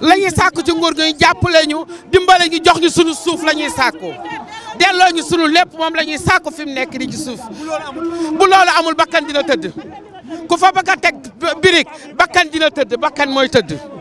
la ñuy sàkku ci nguur gi jàppale ñu dimbale ñu jox ñu sunu suuf la ñuy sàkku delloo ñu sunu lépp moom la ñuy sàkku fi mu nekk di ci suuf bu loolu amul bakkan dina tëdd ku fa bëgg a teg birig bakkan dina tëdd bakkan mooy tëdd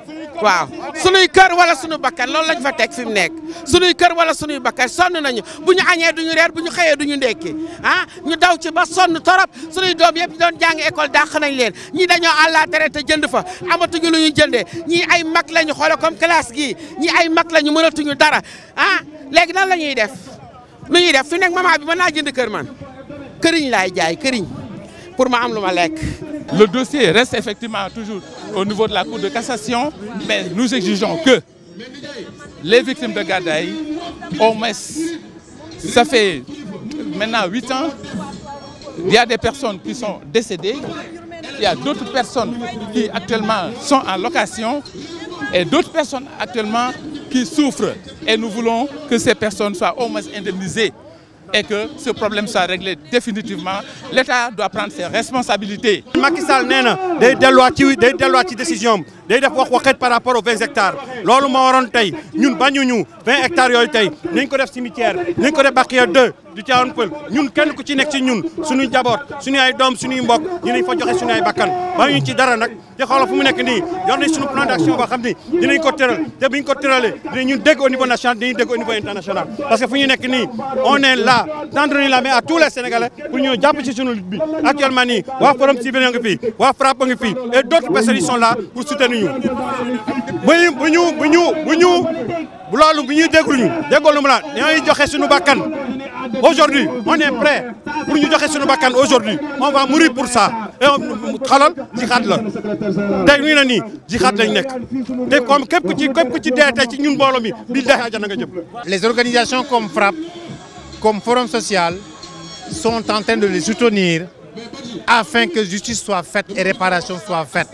waaw sunuy kër wala sunu bakkan loolu lañ fa teg fi mu nekk sunuy kër wala sunuy bakkan sonn nañu bu ñu añee duñu reer bu ñu xëyee duñu ndekki ah ñu daw ci ba sonn torop sunuy doom yëpp doon jàng école dàq nañ leen ñi dañoo àllaa tere te jënd fa amatuñu lu ñu jëndee ñii ay mag lañu xoolal comme classe gi ñi ay mag lañu mënatuñu dara ah léegi nan la ñuy def nu ñuy def fi nekk maman bi ma naa jënd kër man këriñ laay jaay këriñ pour ma am lu ma lekk Le dossier reste effectivement toujours au niveau de la Cour de cassation, mais nous exigeons que les victimes de Gadaï, au ça fait maintenant 8 ans, il y a des personnes qui sont décédées, il y a d'autres personnes qui actuellement sont en location et d'autres personnes actuellement qui souffrent. Et nous voulons que ces personnes soient au moins indemnisées et que ce problème soit réglé définitivement l'État doit prendre ses responsabilités. Macky Sall nena day delluwaat ci day delluwaat ci décision day def wax waxeet par rapport aux 20 hectares Lolu moo waroon tay ñun bañuñu 20 hectares yoy tay ñing ko def cimetière ñing ko def Bakhya 2 du Tivaouane peul ñun kenn ku ci nek ci ñun suñu jabor suñu ay doom suñu mbokk ñu nañ fa joxe suñu ay bakkan bañuñu ci dara nak te xoolal fu mu nek ni yor suñu plan d'action ba xamni dinañ ko tëral té bu ko tëralee dinañ ñun dégg au niveau national dinañ dégg au niveau international parce que fu ñu nek ni on est là Tendre la main à tous les Sénégalais pour nous lutte et d'autres personnes sont là pour soutenir aujourd'hui on est prêt pour aujourd'hui on va mourir pour ça les organisations comme Frappe, comme Forum social sont en train de les soutenir afin que justice soit faite et réparation soit faite.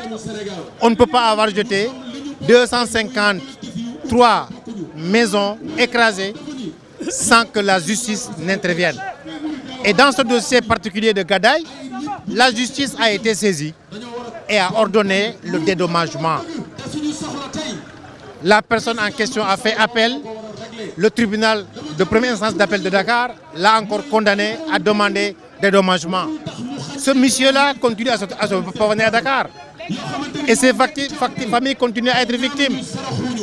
On ne peut pas avoir jeté 253 maisons écrasées sans que la justice n'intervienne. Et dans ce dossier particulier de Gadaï, la justice a été saisie et a ordonné le dédommagement. La personne en question a fait appel. Le tribunal de premier instance d'appel de Dakar l'a encore condamné à demander des dommagements. Ce monsieur-là continue à se, à à Dakar. Et ses familles continuent à être victimes.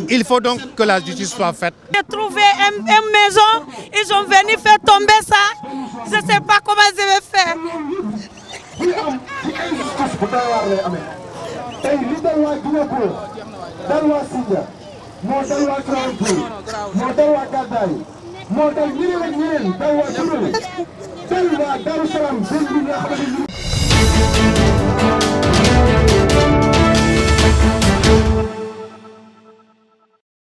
Il faut donc que la justice soit faite. J'ai trouvé une, maison, ils sont venus faire tomber ça. Je ne sais pas comment je vais faire. moo dal ñeneen ak ñeneen dal waa Jurbel dal waa Daaru Salaam dal ñi nga xam ne